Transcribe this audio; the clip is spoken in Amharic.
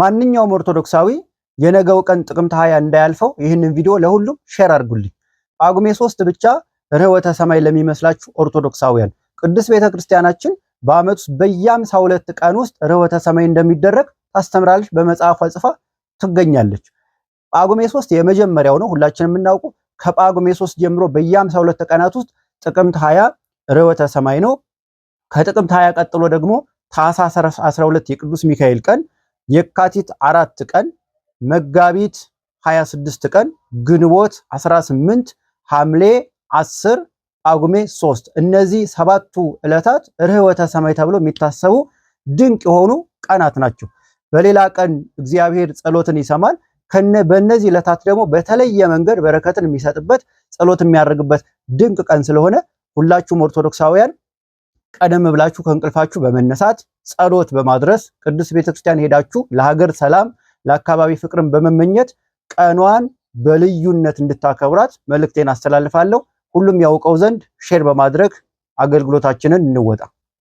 ማንኛውም ኦርቶዶክሳዊ የነገው ቀን ጥቅምት ሀያ እንዳያልፈው ይህንን ቪዲዮ ለሁሉም ሼር አድርጉልኝ። ጳጉሜ ሶስት ብቻ ርኅወተ ሰማይ ለሚመስላችሁ ኦርቶዶክሳውያን ቅዱስ ቤተ ክርስቲያናችን በዓመት ውስጥ በየአምሳ ሁለት ቀን ውስጥ ርኅወተ ሰማይ እንደሚደረግ ታስተምራለች። በመጽሐፏ ጽፋ ትገኛለች። ጳጉሜ ሶስት የመጀመሪያው ነው፣ ሁላችንም የምናውቁ ከጳጉሜ ሶስት ጀምሮ በየአምሳ ሁለት ቀናት ውስጥ ጥቅምት ሀያ ርኅወተ ሰማይ ነው። ከጥቅምት ሀያ ቀጥሎ ደግሞ ታኅሳስ 12 የቅዱስ ሚካኤል ቀን የካቲት አራት ቀን መጋቢት 26 ቀን ግንቦት 18 ሐምሌ 10 ጳጉሜ 3 እነዚህ ሰባቱ ዕለታት ርህወተ ሰማይ ተብሎ የሚታሰቡ ድንቅ የሆኑ ቀናት ናቸው። በሌላ ቀን እግዚአብሔር ጸሎትን ይሰማል። ከነ በእነዚህ ዕለታት ደግሞ በተለየ መንገድ በረከትን የሚሰጥበት ጸሎት የሚያደርግበት ድንቅ ቀን ስለሆነ ሁላችሁም ኦርቶዶክሳውያን ቀደም ብላችሁ ከእንቅልፋችሁ በመነሳት ጸሎት በማድረስ ቅዱስ ቤተክርስቲያን ሄዳችሁ ለሀገር ሰላም፣ ለአካባቢ ፍቅርን በመመኘት ቀኗን በልዩነት እንድታከብራት መልእክቴን አስተላልፋለሁ። ሁሉም ያውቀው ዘንድ ሼር በማድረግ አገልግሎታችንን እንወጣ።